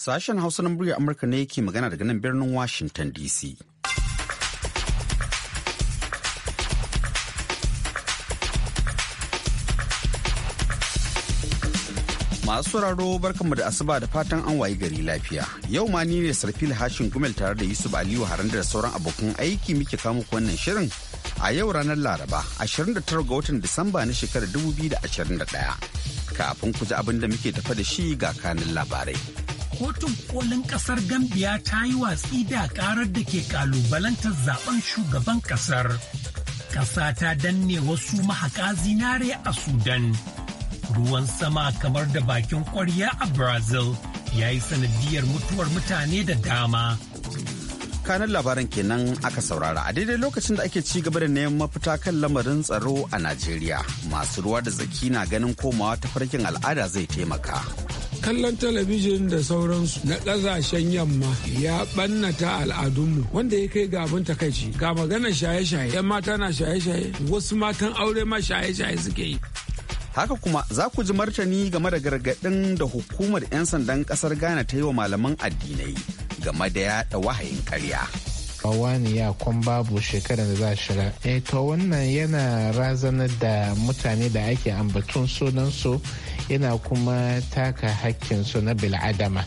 Sashen Hausa na murya Amurka ne yake magana daga nan birnin Washington DC. Masu sauraro barkanmu da asuba da fatan an wayi gari lafiya. Yau ma ni ne Sarfil Hashin Gumel tare da Yusuf Aliyu Haranda da sauran abokan aiki muke kama wannan shirin a yau ranar Laraba 29 ga watan Disamba na shekarar 2021. Kafin ku ji abin da muke tafa da shi ga kanin labarai. kotun kolin kasar Gambia ta yi watsi da karar da ke kalubalantar zaben shugaban kasar. Kasa ta danne wasu mahaƙa zinare a Sudan. Ruwan sama kamar da bakin ƙwarya a Brazil ya yi sanadiyar mutuwar mutane da dama. kanan labaran kenan aka saurara a daidai lokacin da ake ci gaba da neman mafita kan lamarin tsaro a Najeriya. Masu ruwa da zaki na ganin komawa ta farkin al'ada zai taimaka. kallon talabijin da sauransu na ƙasashen yamma ya ɓannata al'adunmu wanda ya kai ga abin takaici ga maganar shaye-shaye yan mata na shaye-shaye wasu matan aure ma shaye-shaye suke yi haka kuma za ku ji martani game da gargaɗin da hukumar 'yan sandan ƙasar ghana ta yi wa malaman addinai game da yaɗa wahayin karya. waniya kwan babu shekarar da za a shiga e to wannan yana razanar da mutane da ake ambatun sunansu yana kuma taka hakkinsu na bil'adama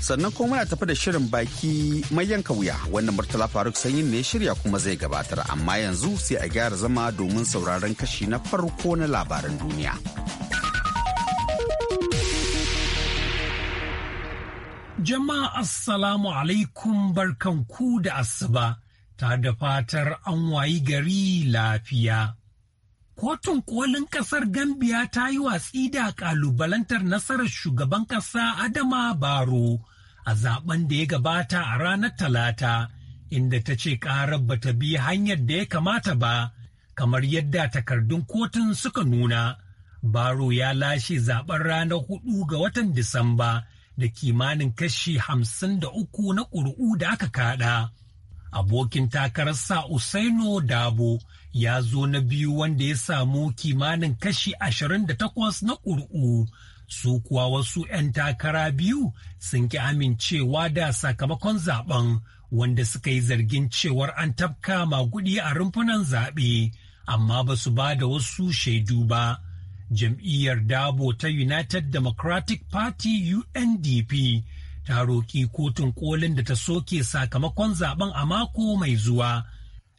sannan kuma muna tafi da shirin baki mai yanka wuya wannan murtala faruk sanyi ne shirya kuma zai gabatar amma yanzu sai a gyara zama domin sauraron kashi na farko na labaran duniya. Jama'a Assalamu alaikum barkanku da asuba ta da fatar an wayi gari lafiya. Kotun kolin kasar Gambiya ta yi watsi da kalubalantar nasarar shugaban kasa Adama Baro a zaben da ya gabata a ranar Talata, inda ta ce karar ta bi hanyar da ya kamata ba, kamar yadda takardun kotun suka nuna. Baro ya lashe zaben ranar hudu ga watan Disamba. da kimanin kashi hamsin da uku na ƙuri'u da aka kaɗa. Abokin takarar sa Usaino Dabo ya zo na biyu wanda ya samu kimanin kashi ashirin da takwas na ƙuri'u. Su kuwa wasu 'yan takara biyu sun ki amincewa da sakamakon zaben wanda suka yi zargin cewar an tafka magudi a rumfunan zaɓe, amma ba su ba da wasu shaidu ba. jam'iyyar dabo ta united democratic party undp ta roƙi kotun kolin da ta soke sakamakon zaben a mako mai zuwa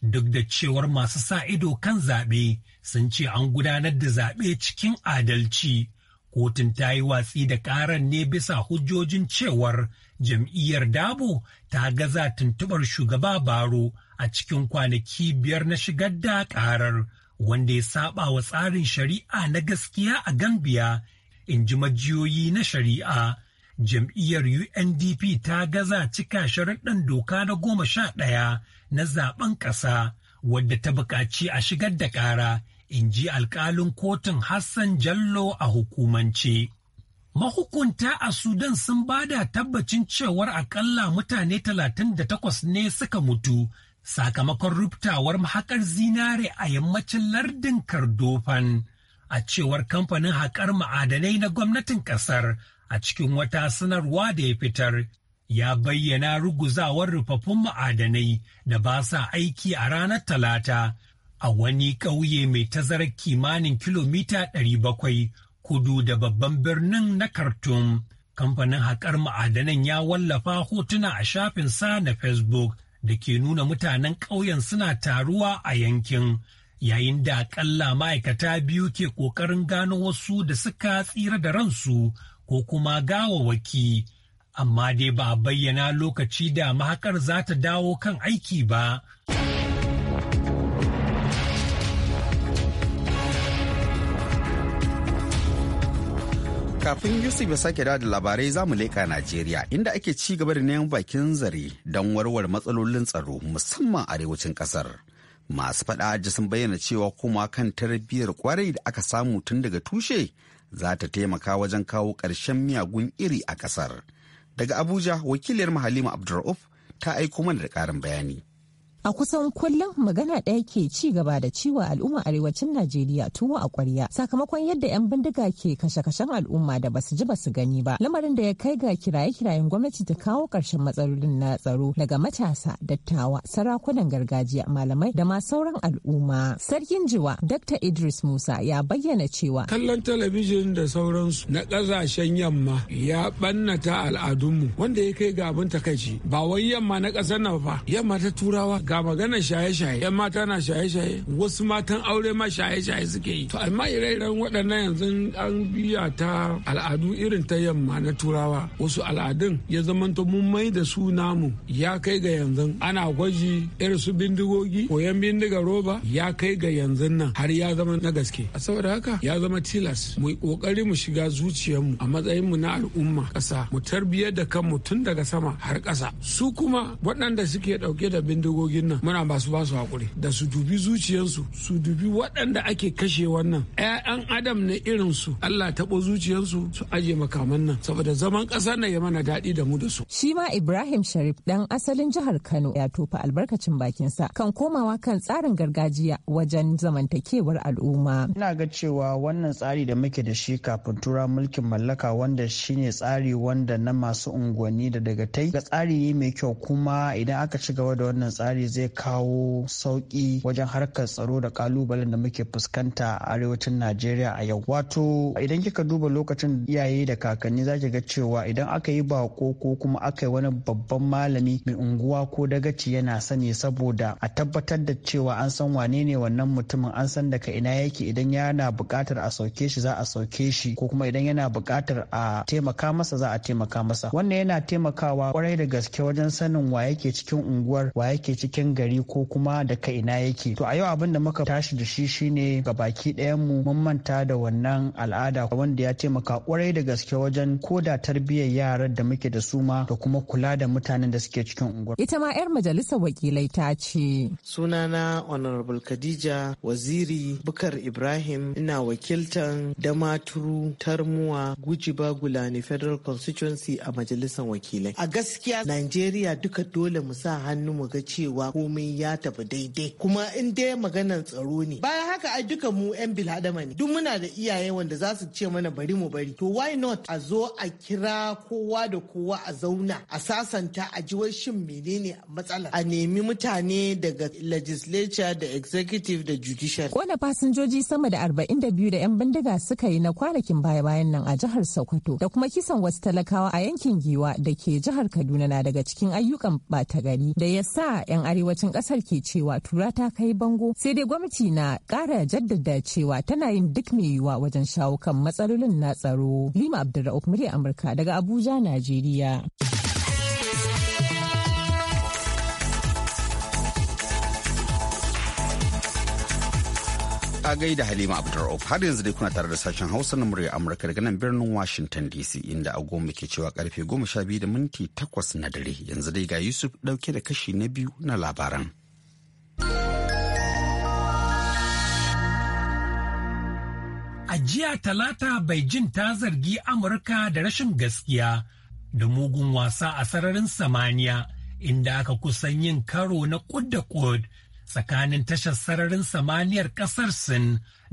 duk da cewar masu sa ido kan zaɓe sun ce an gudanar da zaɓe cikin adalci kotun ta yi watsi da ƙaran ne bisa hujjojin cewar jam'iyyar dabo ta gaza tuntuɓar shugaba baro a cikin kwanaki biyar na shigar da ƙarar wanda ya saba wa tsarin shari'a na gaskiya a Gambia, in ji majiyoyi na shari'a. Jam'iyyar UNDP ta gaza cika sharaɗin doka na goma sha ɗaya na zaben ƙasa wadda ta buƙaci a shigar da ƙara, in ji alƙalin kotun Hassan Jallo a hukumance. Mahukunta a Sudan sun bada tabbacin cewar akalla mutane 38 ne suka mutu sakamakon ruptawar mahakar zinare a yammacin lardin Kardofan a cewar kamfanin haƙar ma'adanai na gwamnatin ƙasar a cikin wata sanarwa da ya fitar ya bayyana ruguzawar rufaffun ma'adanai da ba sa aiki a ranar talata a wani ƙauye mai tazarar kimanin kilomita 700 kudu da babban birnin na kartun. Kamfanin haƙar ma'adanan ya wallafa hotuna a shafinsa na Facebook da ke nuna mutanen ƙauyen suna taruwa a yankin yayin da akalla ma'aikata biyu ke ƙoƙarin gano wasu da suka tsira da ransu ko kuma gawawaki amma dai ba a bayyana lokaci da mahakar za ta dawo kan aiki ba. Kafin Yusuf ya sake da labarai za mu leƙa Najeriya inda ake ci gaba da neman bakin zare don warware matsalolin tsaro musamman arewacin kasar Masu faɗa aji sun bayyana cewa kuma kan tarbiyyar kwarai da aka samu tun daga tushe za ta taimaka wajen kawo ƙarshen miyagun iri a ƙasar. Daga Abuja, wakiliyar Mahalima Abdulrauf ta aiko mana da ƙarin bayani. A kusan kullum magana ɗaya ke ci gaba da ciwo al'umma arewacin Najeriya tuwo a ƙwarya sakamakon yadda 'yan bindiga ke kashe-kashen al'umma da basu ji basu gani ba. Lamarin da ya kai ga kiraye-kirayen gwamnati ta kawo ƙarshen matsalolin na tsaro daga matasa, dattawa, sarakunan gargajiya, malamai da ma sauran al'umma. Sarkin Jiwa Dr. Idris Musa ya bayyana cewa kallon talabijin da sauransu na ƙasashen yamma ya ɓannata al'adunmu wanda ya kai ga abin takaici ba wai yamma na ƙasar nan ba yamma ta turawa ga maganar shaye-shaye yan mata na shaye-shaye wasu matan aure ma shaye-shaye suke yi to amma ire-iren waɗannan yanzu an biya ta al'adu irin ta yamma na turawa wasu al'adun ya zamanto mun mai da su namu ya kai ga yanzu ana gwaji irin su bindigogi koyan bindiga roba ya kai ga yanzu nan har ya zama na gaske a saboda haka ya zama tilas mu kokari mu shiga zuciyarmu a matsayin mu na al'umma ƙasa mu tarbiyyar da kanmu tun daga sama har ƙasa su kuma waɗanda suke ɗauke da bindigogi jirgin nan muna ba basu hakuri da su dubi zuciyarsu su dubi waɗanda ake kashe wannan 'ya'yan adam na irin su Allah taɓo zuciyarsu su aje makaman nan saboda zaman ƙasar na ya mana daɗi da mu da su. Shi ma Ibrahim Sharif ɗan asalin jihar Kano ya tofa albarkacin bakin sa kan komawa kan tsarin gargajiya wajen zamantakewar al'umma. Ina ga cewa wannan tsari da muke da shi kafin tura mulkin mallaka wanda shine tsari wanda na masu unguwanni da daga tai ga tsari mai kyau kuma idan aka ci gaba da wannan tsari zai kawo sauƙi wajen harkar tsaro da kalubalen da muke fuskanta a arewacin najeriya a yau wato idan kika duba lokacin iyaye da kakanni zaki ga cewa idan aka yi bako ko kuma aka yi wani babban malami mai unguwa ko dagaci yana sani saboda a tabbatar da cewa an san wane ne wannan mutumin an san daga ina yake idan yana buƙatar a sauke shi za a sauke shi ko kuma idan yana buƙatar a taimaka masa za a taimaka masa wannan yana taimakawa kwarai da gaske wajen sanin wa yake cikin unguwar wa yake cikin cikin gari ko kuma da ka ina yake to a yau abin da muka tashi da shi shine ga baki ɗayan mu mun manta da wannan al'ada wanda ya taimaka kwarai da gaske wajen koda tarbiyyar yaran da muke da su ma da kuma kula da mutanen da suke cikin unguwar ita ma yar majalisar wakilai ta ce sunana honorable khadija waziri bukar ibrahim ina wakiltan damaturu tarmuwa gujiba gulani federal constituency a majalisar wakilai a gaskiya najeriya duka dole mu sa hannu mu ga cewa komai ya tafi daidai kuma in dai maganar tsaro ne bayan haka ai duka mu yan bil'adama ne duk muna da iyaye wanda za su ce mana bari mu bari to why not a zo a kira kowa da kowa a zauna a sasanta a ji shin menene matsalar a nemi mutane daga legislature da executive da judiciary kona fasinjoji sama da 42 da yan bindiga suka yi na kwanakin baya-bayan nan a jihar sokoto da kuma kisan wasu talakawa a yankin giwa da ke jihar kaduna na daga cikin ayyukan bata gari da ya sa yan arewacin kasar ke cewa tura ta kai bango sai dai gwamnati na kara jaddada cewa tana yin duk mai yiwuwa wajen shawo kan matsalolin na tsaro lima abdulrahman murya amurka daga abuja najeriya A gaida Halima Abdurrauf har yanzu dai kuna tare da sashen Hausa na murya Amurka daga nan birnin Washington DC inda a goma ke cewa karfe goma sha biyu da minti takwas na dare yanzu dai ga Yusuf dauke da kashi na biyu na labaran. A jiya talata Beijing ta zargi Amurka da rashin gaskiya da mugun wasa a sararin samaniya inda aka kusan yin karo na kud da kud tsakanin tashar sararin samaniyar kasar Sin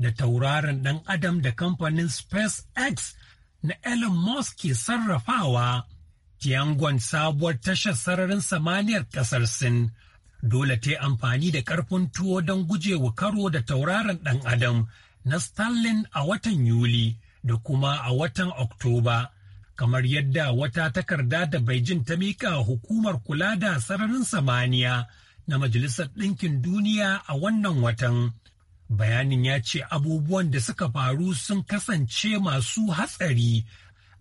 da tauraron ɗan adam da kamfanin SpaceX na Elon Musk ke sarrafawa. Tiangon sabuwar tashar sararin samaniyar kasar Sin dole ta yi amfani da ƙarfin tuwo don gujewa karo da tauraron ɗan adam na Stalin a watan Yuli da kuma a watan Oktoba. kamar yadda wata takarda da Beijing ta mika hukumar kula da sararin samaniya na Majalisar Ɗinkin Duniya a wannan watan. Bayanin ya ce abubuwan da suka faru sun kasance masu hatsari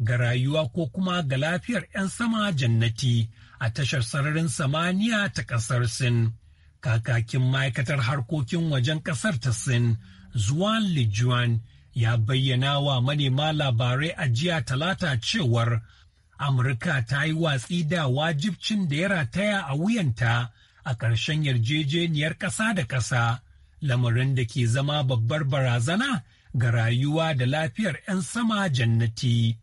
ga rayuwa ko kuma ga lafiyar 'yan sama jannati a tashar sararin samaniya ta ƙasar Sin. Kakakin ma'aikatar harkokin wajen ƙasar ta Sin, Zuan Lijuan, ya bayyana wa manema labarai a jiya talata cewar Amurka ta yi watsi da wajibcin da ya rataya a wuyanta a ƙarshen yarjejeniyar ƙasa da ƙasa lamarin da ke zama babbar barazana ga rayuwa da lafiyar 'yan sama jannati.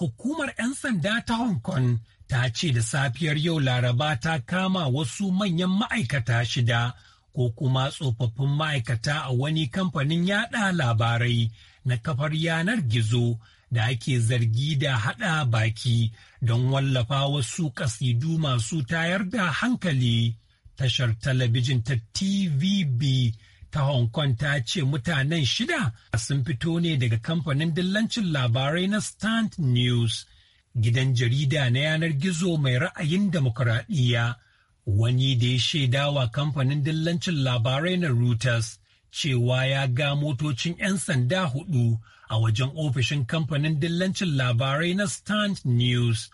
Hukumar 'yan sanda ta Hong Kong ta ce da safiyar yau Laraba ta kama wasu manyan ma'aikata shida ko kuma tsofaffin ma'aikata a wani kamfanin yada labarai na kafar yanar gizo da ake zargi da haɗa baki don wallafa wasu kasidu masu tayar da hankali. Tashar talabijin ta TVB ta Hong Kong ta ce mutanen shida sun fito ne daga kamfanin dillancin labarai na Stand News, gidan jarida na yanar gizo mai ra'ayin demokuraɗiyya. Wani da ya shaidawa kamfanin dillancin labarai na Reuters cewa ya ga motocin 'yan sanda hudu a wajen ofishin kamfanin dillancin labarai na Stand News.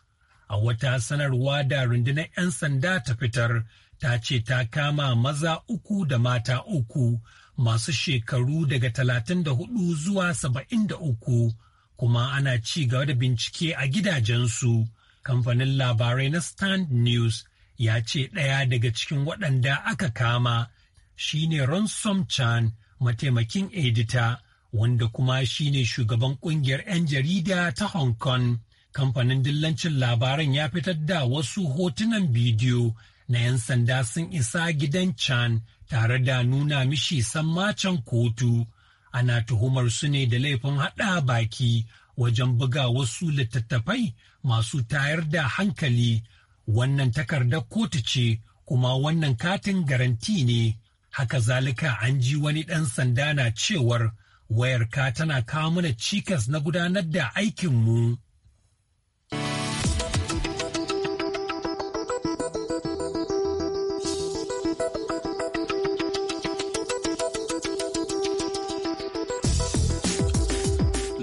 A wata sanarwa da rundunar 'yan sanda ta fitar ta ce ta kama maza uku da mata uku masu shekaru daga 34 zuwa 73 kuma ana ci gaba da bincike a gidajensu. Kamfanin labarai na Stand News ya ce ɗaya daga cikin waɗanda aka kama shine Ransom Chan mataimakin edita. wanda kuma shi ne shugaban kungiyar 'yan jarida ta Hong Kong. Kamfanin dillancin labaran ya fitar da wasu hotunan bidiyo na 'yan sanda sun isa gidan Chan tare da nuna mishi sammacin kotu. Ana tuhumar su ne da laifin haɗa baki wajen buga wasu littattafai masu tayar da hankali. Wannan takardar kotu ce kuma wannan katin garanti ne. Haka zalika an ji wani ɗan sanda na cewar wayarka tana kawo mana cikas na gudanar da aikinmu.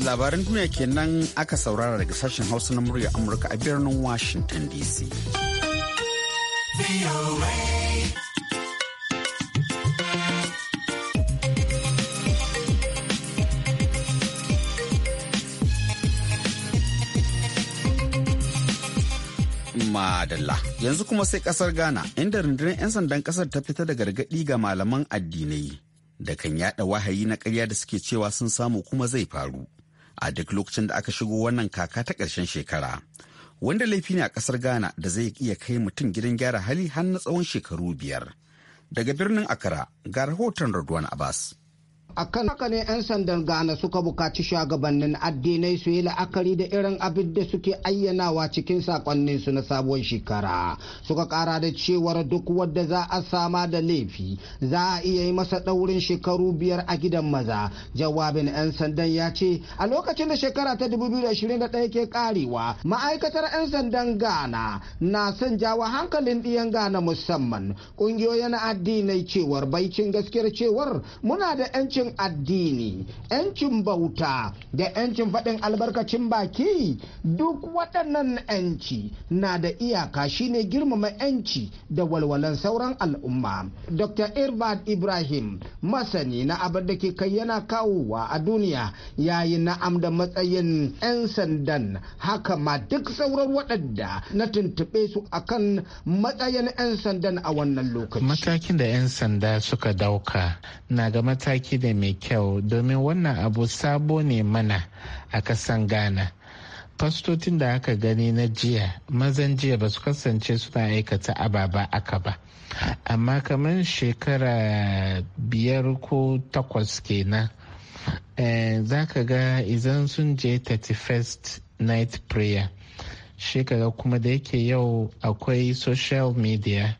Labaran duniya kenan aka saurara daga sashen Hausa na murya Amurka a birnin Washington DC. Madalla. Yanzu kuma sai kasar Ghana inda rundunar 'yan sandan kasar ta fita da gargaɗi ga malaman addinai da kan yada wahayi na ƙarya da suke cewa sun samu kuma zai faru a duk lokacin da aka shigo wannan kaka ta ƙarshen shekara. Wanda laifi ne a ƙasar Ghana da zai iya kai mutum gidan gyara hali har na tsawon shekaru biyar. Daga birnin Akara ga rahoton Radwan Abbas. akan haka ne 'yan sandan gana suka bukaci shugabannin addinai su yi la'akari da irin abin da suke ayyanawa cikin sakonnin su na sabuwar shekara suka kara da cewar duk wadda za a sama da laifi za a iya yi masa daurin shekaru biyar a gidan maza jawabin 'yan sandan ya ce a lokacin da shekara ta 2021 ke karewa ma'aikatar 'yan sandan gana na son jawo hankalin ɗiyan gana musamman ƙungiyoyin addinai cewar baikin gaskiyar cewar muna da 'yancin 'yancin addini 'yancin bauta da 'yancin faɗin albarkacin baki duk waɗannan 'yanci na da iyaka shine girmama 'yanci da walwalan sauran al'umma dr irbad ibrahim masani na abin da ke kai yana kawowa a duniya yayi na'am da matsayin 'yan sandan haka ma duk sauran waɗanda na tuntuɓe su akan matsayin 'yan sandan a wannan lokaci matakin da 'yan sanda suka dauka na ga mataki da mai kyau domin wannan abu sabo ne mana a kasan ghana fastocin da aka gani na jiya mazan jiya ba su kasance suna aikata ababa aka ba amma kamar shekara biyar ko takwas kenan eh, za ka ga idan sun je 31st night prayer shekara kuma da yake yau akwai social media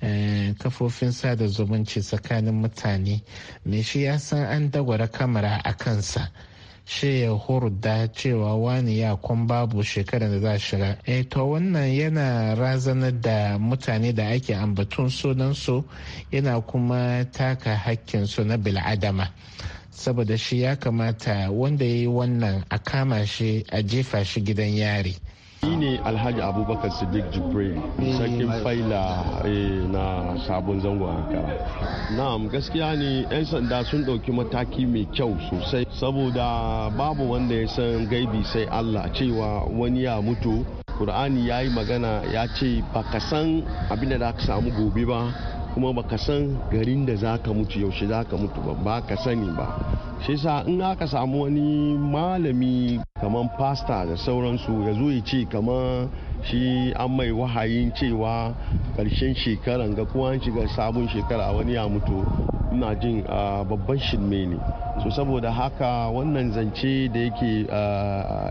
Eh, kafofin sada zumunci tsakanin mutane mai shi ya san an dagwara kamara a kansa shi ya hurda cewa wani ya kun babu shekarar da za a shiga e to wannan yana razanar da mutane da ake ambatun sunansu yana kuma taka hakkinsu na bil'adama saboda shi ya kamata wanda ya yi wannan a kama shi a jefa shi gidan yari Ni ne Alhaji Abubakar Siddiq Jibril, eh, Sarkin faila eh, na sabon zango Ankara. Na'am gaskiya ne 'yan sanda sun ɗauki mataki mai kyau sosai saboda babu wanda ya san gaibi sai Allah cewa wani ya mutu. Kur'ani ya yi magana ya ce ba ka san abinda da ka samu gobe ba kuma baka san garin da za ka mutu yaushe za ka mutu ba ba ka sani ba shi sa in aka samu wani malami kamar pasta da sauransu ya zo ya ce kamar shi an mai wahayin cewa karshen shekaran ga kuma an shiga sabon shekara wani ya mutu ina jin babban shirme ne so saboda haka wannan zance da yake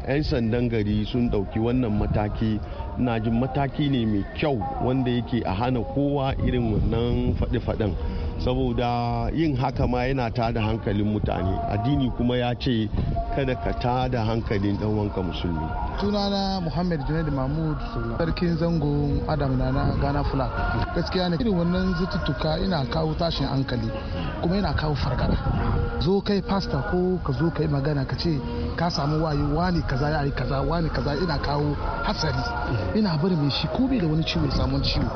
'yan sandan gari sun ɗauki wannan mataki na jin mataki ne mai kyau wanda yake a hana kowa irin wannan faɗi-faɗin saboda yin haka ma yana ta da hankalin mutane addini kuma ya ce kada ka ta da hankalin dan wanka musulmi Tunana muhammad junaid mahmud sarkin zango adam na na ghana fula gaskiya ne irin wannan zututtuka ina kawo tashin hankali kuma yana kawo fargaba zo kai pasta ko ka zo kai magana ka ce ka samu wayo wani kaza ya yi kaza wani kaza ina kawo hatsari ina bari mai shi ko da wani ciwo samun ciwo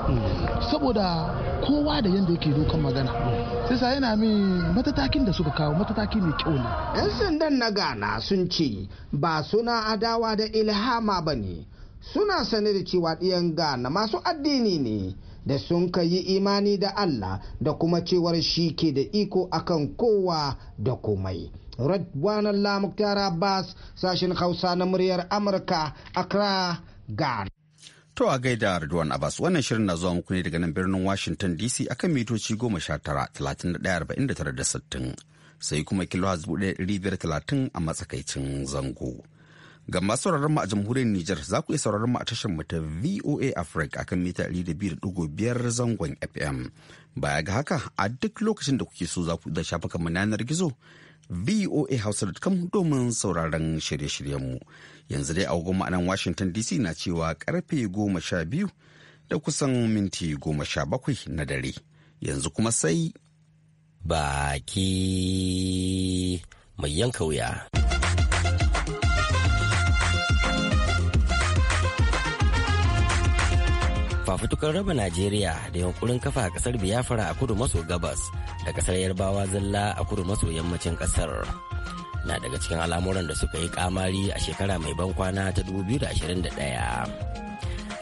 saboda kowa da yanda yake dokan magana kenan sai sa yana min matatakin da suka kawo matataki mai kyau ne yan sandan na ghana sun ce ba suna adawa da ilhama ba ne suna sane da cewa ɗiyan gana masu addini ne da sun ka yi imani da allah da kuma cewar shi ke da iko akan kowa da komai Radwanan Lamuktar Abbas sashen Hausa na muryar Amurka, Accra, Ghana. To a gaida Ridwan Abbas wannan shirin na zuwa muku ne daga nan birnin Washington DC akan mitoci 19 sai kuma kilohaz 1530 a matsakaicin zango. Ga masu sauraron mu a jamhuriyar Nijar za ku iya sauraron mu a tashar mu ta VOA Africa akan mita 200.5 zangon FM. Baya ga haka a duk lokacin da kuke so za ku da shafukan mu yanar gizo voa Hausa.com domin sauraron shirye-shiryen mu. yanzu dai agogon ma'anan washington dc na cewa karfe goma sha biyu da kusan minti goma sha bakwai na dare yanzu kuma sai baki mai yanka wuya fafutukar raba najeriya da yankurin kafa a kasar biyafara a kudu maso gabas da kasar yarbawa zalla a kudu maso yammacin kasar na daga cikin al'amuran da suka yi kamari a shekara mai ban kwana ta 2021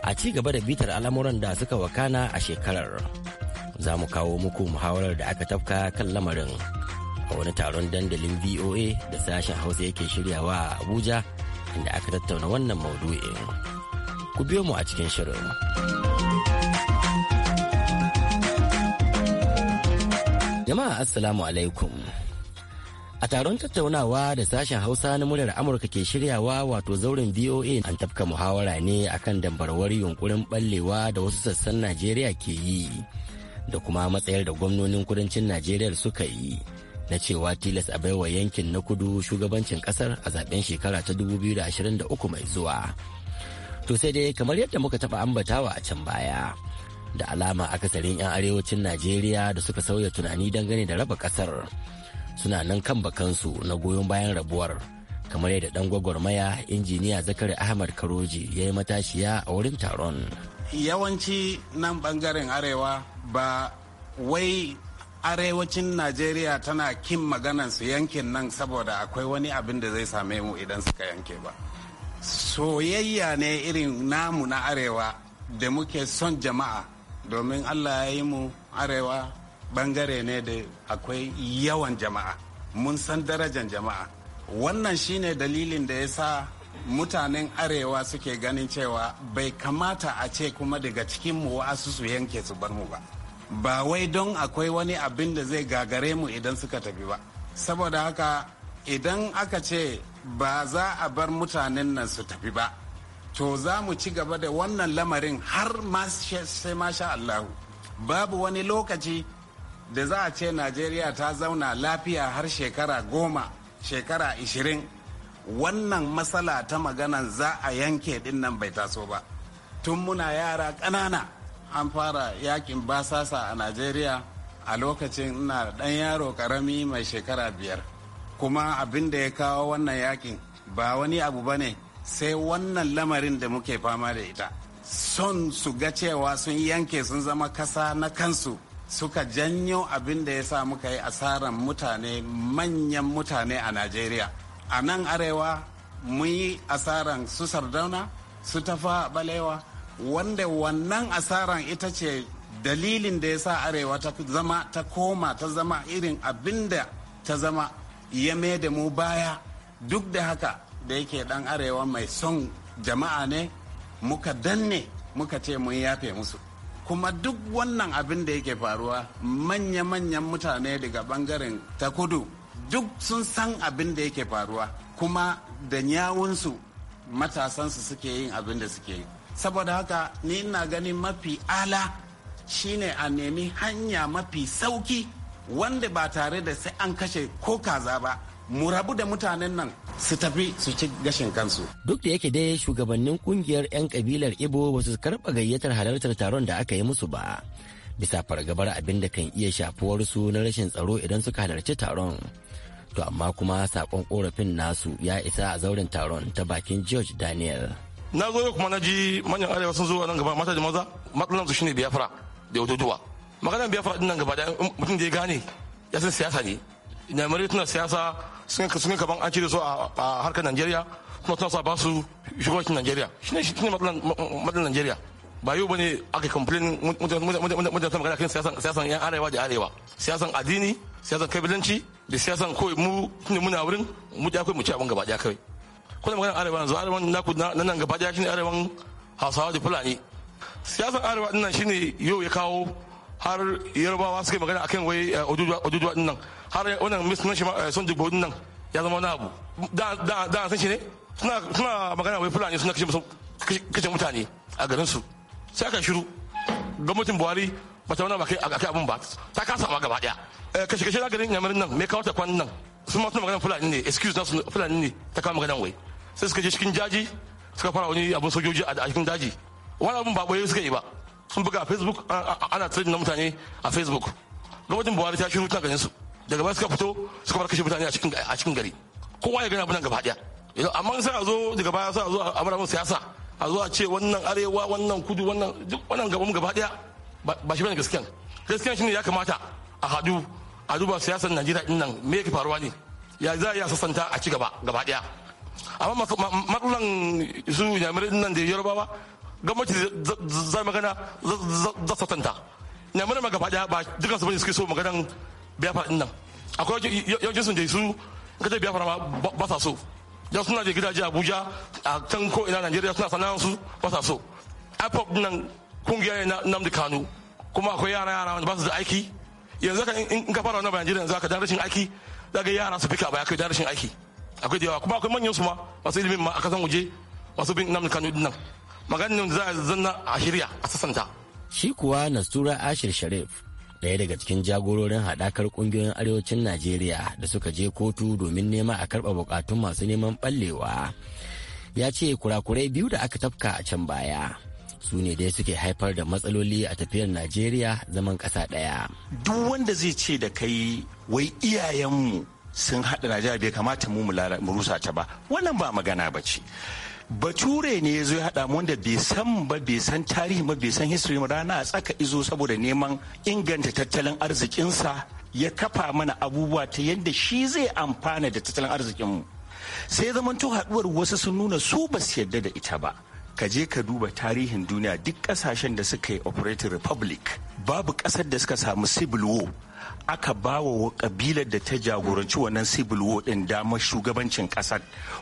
a ci gaba da bitar al'amuran da suka wakana a shekarar za mu kawo muku muhawarar da aka tafka kan lamarin a wani taron dandalin voa da sashen hausa yake shiryawa a abuja inda aka tattauna wannan maudu'in ku biyo mu a cikin shirin jama'a assalamu alaikum A taron tattaunawa da sashen Hausa na muryar Amurka ke shiryawa wato zauren VOA an tafka muhawara ne akan dambarwar yunkurin ɓallewa da wasu sassan Najeriya ke yi da kuma matsayar da gwamnonin kudancin Najeriya suka yi na cewa tilas a baiwa yankin na kudu shugabancin kasar a zaben shekara ta 2023 mai zuwa. To sai dai kamar yadda muka taɓa ambatawa a can baya. Da alama akasarin 'yan arewacin Najeriya da suka sauya tunani dangane da raba kasar. suna nan kan bakansu na goyon bayan rabuwar kamar yadda dan gwagwarmaya injiniya zakari ahmad karoji ya yi matashiya a wurin taron yawanci nan bangaren arewa ba wai arewacin najeriya tana kin maganan su yankin nan saboda akwai wani abin da zai same mu idan suka yanke ba soyayya ne irin namu na arewa da muke son jama'a domin allah ya yi mu arewa bangare ne da akwai yawan jama'a mun san darajan jama'a wannan shine dalilin da ya sa mutanen arewa suke ganin cewa bai kamata a ce kuma daga cikin mu wasu su yanke su bar mu ba ba wai don akwai wani abin da zai gagare mu idan suka tafi ba saboda haka idan aka ce ba za a bar mutanen nan su tafi ba to za mu ci gaba da wannan lamarin har ma sai masha Allahu babu wani lokaci da za a ce najeriya ta zauna lafiya har shekara goma shekara ishirin wannan matsala ta magana za a yanke din nan bai taso ba tun muna yara ƙanana an fara yakin basasa a najeriya a lokacin na ɗan yaro ƙarami mai shekara biyar kuma abin da ya kawo wannan yakin ba wani abu ba ne sai wannan lamarin da muke fama da ita son su ga cewa sun yanke sun zama kasa na kansu suka janyo abin da ya sa muka yi asaran mutane manyan mutane a najeriya a nan arewa mun yi asaran su sardauna su tafa balewa wanda wannan asaran ita ce dalilin da ya sa arewa ta zama ta koma ta zama irin abin da ta zama ya da mu baya duk da haka da yake dan arewa mai son jama'a ne muka danne muka ce mun yafe musu kuma duk wannan abin da yake faruwa manya-manyan mutane daga bangaren ta kudu duk sun san abin da yake faruwa kuma da yawunsu matasansu suke yin abin da suke yi saboda haka ni ina gani mafi ala shine a nemi hanya mafi sauki wanda ba tare da sai an kashe ko kaza ba mu rabu da mutanen nan su tafi su ci gashin kansu. Duk da yake dai shugabannin kungiyar 'yan kabilar Ibo ba su karɓa gayyatar halartar taron da aka yi musu ba. Bisa fargabar abin da kan iya shafuwar su na rashin tsaro idan suka halarci taron. To amma kuma sakon korafin nasu ya isa a zauren taron ta bakin George Daniel. Na zo kuma na ji manyan arewa sun zo nan gaba mata da maza su shine biyafra da yototuwa. Maganar biyafra din nan gaba da mutum da ya gane ya san siyasa ne. Ina mare tuna siyasa sun yi kaban an cire su a harkar najeriya kuma tana sa ba su shugabancin najeriya shi ne shi ne matsalar najeriya ba yau bane aka complain mutane ta magana kan siyasan yan arewa da arewa siyasan addini siyasan kabilanci da siyasan kawai mu ne muna wurin mu da kai mu ci abin gaba daya kawai kuna magana arewa yanzu arewa naku na nan gaba daya shine arewan hausawa da fulani siyasan arewa dinnan shine yau ya kawo har yarbawa suke magana akan wai ojujuwa dinnan har wannan sunan shi sun dubbo nan ya zama wani abu da san shi ne suna magana wai fulani suna kashe mutane a garin su sai aka shiru gwamnatin buhari bata wani ba kai abin ba ta kasa ma gaba daya kashe kashe na garin yamarin nan me kawo ta kwan nan sun ma suna magana fulani ne excuse nasu fulani ne ta kawo magana wai sai suka je cikin jaji suka fara wani abin sojoji a cikin daji wani abin ba boye suka yi ba sun buga a facebook ana trade na mutane a facebook gwamnatin buhari ta shiru ta ganin su daga ba suka fito suka bar kashe mutane a cikin gari kowa ya gani abin gaba daya amma sai a zo daga baya sai a zo a amuramin siyasa a zo a ce wannan arewa wannan kudu wannan duk wannan gaban gaba daya ba shi bane Gaskiya gaskiya shine ya kamata a hadu a duba siyasar Najeriya din nan me yake faruwa ne ya za a sassanta a ci gaba gaba daya amma matsalan su yamirai din nan da yarubawa gwamnati za magana za sassanta yamirai ma gaba daya ba dukansu bane suke so maganan biyafar din nan akwai yawancin sun da su kada biyafar ma ba sa so don suna da gidaje abuja a can ko ina najeriya suna sana'ar su ba sa so ipop din nan kungiya na namdi kanu kuma akwai yara yara wanda ba su da aiki yanzu ka in ka fara wannan bayan najeriya yanzu ka dan rashin aiki daga yara su fika baya kai dan rashin aiki akwai da yawa kuma akwai manyan su ma masu ilimin ma a kasan waje masu bin namdi kano din nan maganin da za a zanna a shirya a sassanta shi kuwa nasura ashir sharif ɗaya daga cikin jagororin haɗakar ƙungiyoyin arewacin najeriya da suka je kotu domin nema a karɓa bukatun masu neman ɓallewa ya ce kurakurai biyu da aka tafka a can baya su ne dai suke haifar da matsaloli a tafiyar najeriya zaman ƙasa ɗaya duk wanda zai ce da kai wai iyayenmu sun haɗa najeriya bai kamata mu mu rusa ta ba wannan ba magana ba ce bature ne ya zo ya haɗa mu wanda bai san ba bai san tarihi ba bai san history ba rana a tsaka izo saboda neman inganta tattalin arzikinsa ya kafa mana abubuwa ta yadda shi zai amfana da tattalin arzikinmu sai zamanto haɗuwar wasu sun nuna su ba su yarda da ita ba ka je ka duba tarihin duniya duk kasashen da suka yi operating republic babu kasar da suka samu civil war aka ba wa kabilar da ta jagoranci wannan civil war din damar shugabancin kasar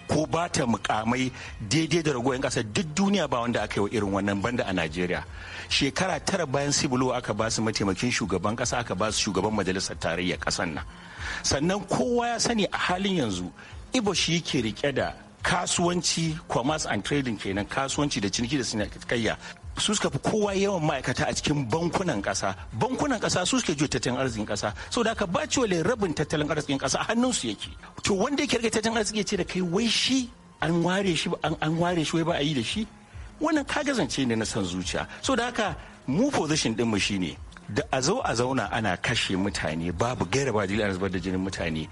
ko ba ta mukamai daidai da ragowar kasar duk duniya ba wanda aka yi wa irin wannan banda a najeriya shekara tara bayan civil war aka ba su mataimakin shugaban kasa aka ba su shugaban majalisar tarayyar kasar nan sannan kowa ya sani a halin yanzu ibo shi yake rike da kasuwanci commerce and trading kenan kasuwanci da ciniki da sinikayya su suka fi kowa yawan ma'aikata a cikin bankunan kasa bankunan kasa su suke juya tattalin arzikin kasa da haka baci wale rabin tattalin arzikin kasa a su yake to wanda yake rage tattalin arziki ya ce da kai wai shi an ware shi an ware shi wai ba a yi da shi wannan kagazance ne na san zuciya da haka mu position din mu shine da a zo a zauna ana kashe mutane babu gaira ba dalilin zubar da jinin mutane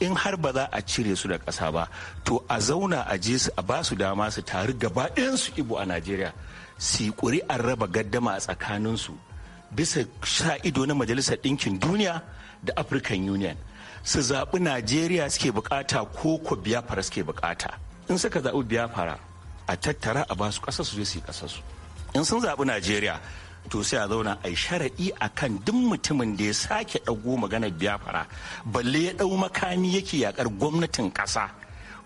in har ba za a cire su da ƙasa ba to a zauna a je su a ba su dama su taru gaba su ibo a najeriya su yi ƙuri'ar raba gaddama a tsakaninsu bisa sha ido na majalisar ɗinkin duniya da african union su zaɓi najeriya suke bukata ko ko biyafara suke bukata in suka zaɓi biyafara a tattara a ba su ƙasa su je su yi ƙasa su in sun zaɓi najeriya to sai a zauna a sharaɗi a kan duk mutumin da ya sake ɗago maganar biyafara balle ya ɗau makami yake yakar gwamnatin ƙasa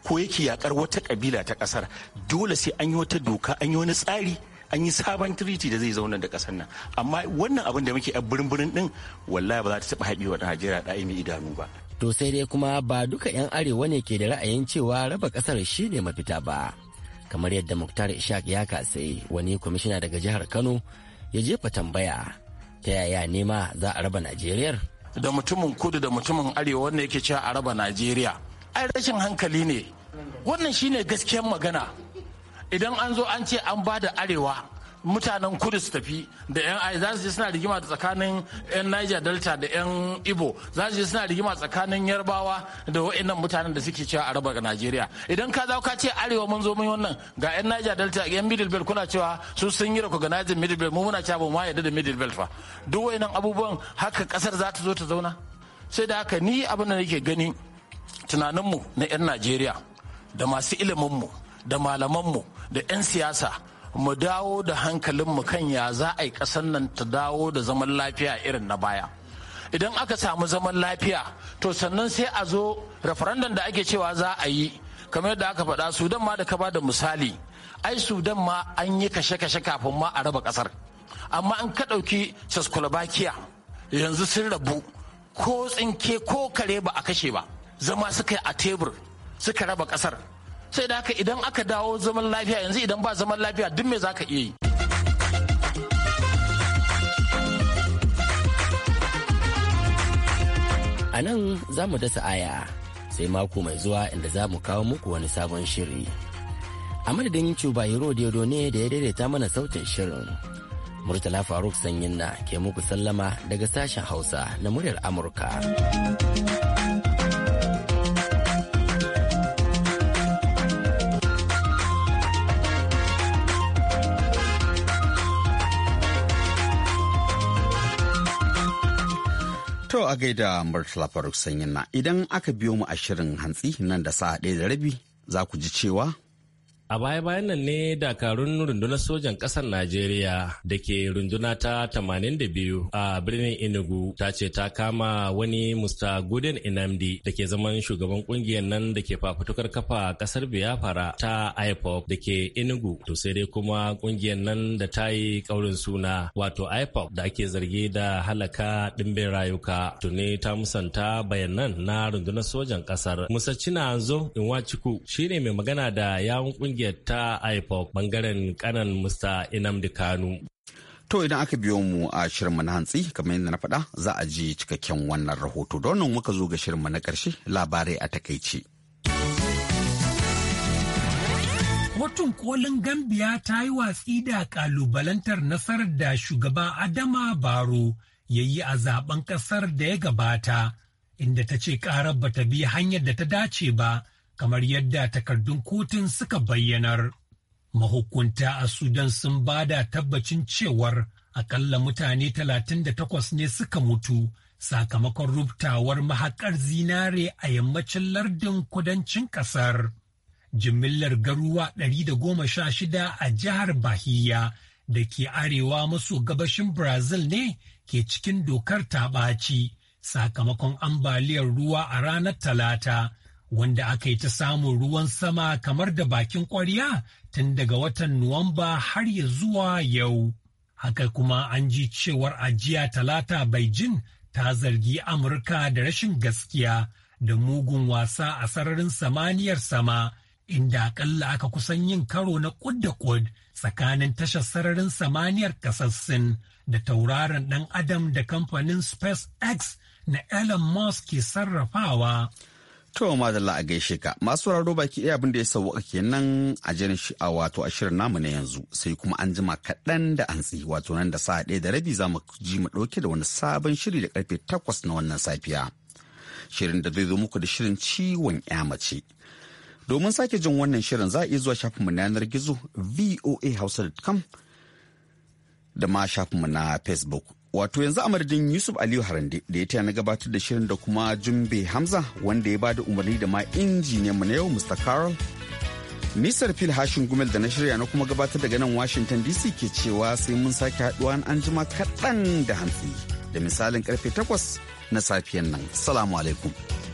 ko yake yakar wata ƙabila ta ƙasar dole sai an yi wata doka an yi wani tsari an yi sabon tiriti da zai zauna da ƙasar nan amma wannan abin da muke a birin din wallahi ba za ta taɓa haɗewa da najeriya ɗaya mai idanu ba to sai dai kuma ba duka 'yan arewa ne ke da ra'ayin cewa raba ƙasar ne mafita ba kamar yadda muktar ishaq ya kasai wani kwamishina daga jihar kano ya jefa tambaya ta yaya nema za a raba Najeriya? Da mutumin kudu da mutumin arewa wanda yake cewa a raba Najeriya. Ai rashin hankali ne. Wannan shine gaskiyar magana. Idan an zo an ce an ba da arewa mutanen kudu su tafi da yan za su je suna rigima tsakanin yan niger delta da yan ibo za su je suna rigima tsakanin yarbawa da wa'annan mutanen da suke cewa a raba ga najeriya idan ka zauka ka ce arewa mun zo mun wannan ga yan niger delta yan middle belt kuna cewa su sun yi recognizing middle belt mu muna cewa ba mu yadda da middle belt fa duk wa'annan abubuwan haka kasar za ta zo ta zauna sai da haka ni abin da nake gani tunaninmu na 'yan najeriya da masu iliminmu da malamanmu da 'yan siyasa mu dawo da hankalinmu kan ya za a yi ƙasar nan ta dawo da zaman lafiya irin na baya idan aka samu zaman lafiya to sannan sai a zo referendum da ake cewa za a yi kamar yadda aka faɗa sudan ma da ka ba da misali ai sudan ma an yi kashe-kashe kafin ma a raba ƙasar amma an ka ɗauki saskulabakiya yanzu sun rabu ko tsinke ko kare ba a kashe ba zama suka yi a tebur suka raba ƙasar sai da haka idan aka dawo zaman lafiya yanzu idan ba zaman lafiya duk me za ka iya yi a nan za mu dasa aya sai mako mai zuwa inda za mu kawo muku wani sabon shiri a madadin cubayiro diodo ne da ya daidaita mana sautin shirin murtala faruk sanyin na ke muku sallama daga sashen hausa na muryar amurka yau a gaida Murtala Faruk Sanyin na idan aka biyo mu a shirin hantsi nan da sa'a ɗaya da rabi za ku ji cewa A baya-bayan nan ne dakarun rundunar sojan ƙasar Najeriya da ke runduna ta 82 a birnin Enugu ta ce ta kama wani Mr. Gooden Inamdi da ke zaman shugaban ƙungiyar nan da ke fafutukar kafa ƙasar Biafra ta IPOC da ke Enugu. To sai dai kuma ƙungiyar nan da ta yi ƙaurin suna wato IPOC da ake zargi da halaka ɗimbin rayuka. Tuni ta musanta bayanan na rundunar sojan ƙasar. Musa Cina Anzo Inwachiku shine mai magana da yawun kungiyar kungiyar ta IPOP bangaren kanan Mr. Inamdi Kanu. To idan aka biyo mu a shirinmu na hantsi kamar yadda na faɗa za a ji cikakken wannan rahoto don nan muka zo ga shirinmu na ƙarshe labarai a takaici. Kotun kolin Gambiya ta yi watsi da kalubalantar nasarar da shugaba Adama Baro ya yi a zaben ƙasar da ya gabata, inda ta ce ƙarar bata bi hanyar da ta dace ba. kamar yadda takardun kotun suka bayyanar. Mahukunta a Sudan sun ba da tabbacin cewar akalla mutane talatin da takwas ne suka mutu sakamakon rubtawar mahakar zinare a yammacin lardin kudancin kasar. Jimillar garuwa shida a jihar Bahiya, da ke arewa maso gabashin Brazil ne ke cikin dokar taɓaci sakamakon ambaliyar ruwa a ranar Talata wanda aka yi ta samun ruwan sama kamar da bakin ƙwarya tun daga watan Nuwamba har ya zuwa yau. Haka kuma an ji cewar ajiya talata Beijing ta zargi Amurka da rashin gaskiya da mugun wasa a sararin samaniyar sama, inda akalla aka kusan yin karo na ƙud da kud tsakanin tashar sararin samaniyar ƙasar da tauraron ɗan Adam da kamfanin SpaceX na Elon Musk ke sarrafawa. To madalla a gaishe ka masu sauraro baki ɗaya abin da ya sauwaka kenan a shi a wato a shirin namu na yanzu sai kuma an jima kaɗan da an tsi wato nan da sa'a ɗaya da rabi za mu ji mu ɗauke da wani sabon shiri da karfe takwas na wannan safiya. Shirin da zai zo muku da shirin ciwon ya mace. Domin sake jin wannan shirin za a iya zuwa shafinmu na yanar gizo voahausa.com da ma shafinmu na facebook Wato yanzu a madadin Yusuf Aliyu Harande da ya taya na gabatar da shirin da kuma Jumbe Hamza wanda ya bada umarni da ma injiniyan mu na yau Mr. Carol. Nisar Phil Hashin Gumel da na shirya na kuma gabatar daga nan Washington DC ke cewa sai mun sake haduwa an jima kaɗan da hantsi da misalin karfe takwas na safiyan nan. Salamu alaikum.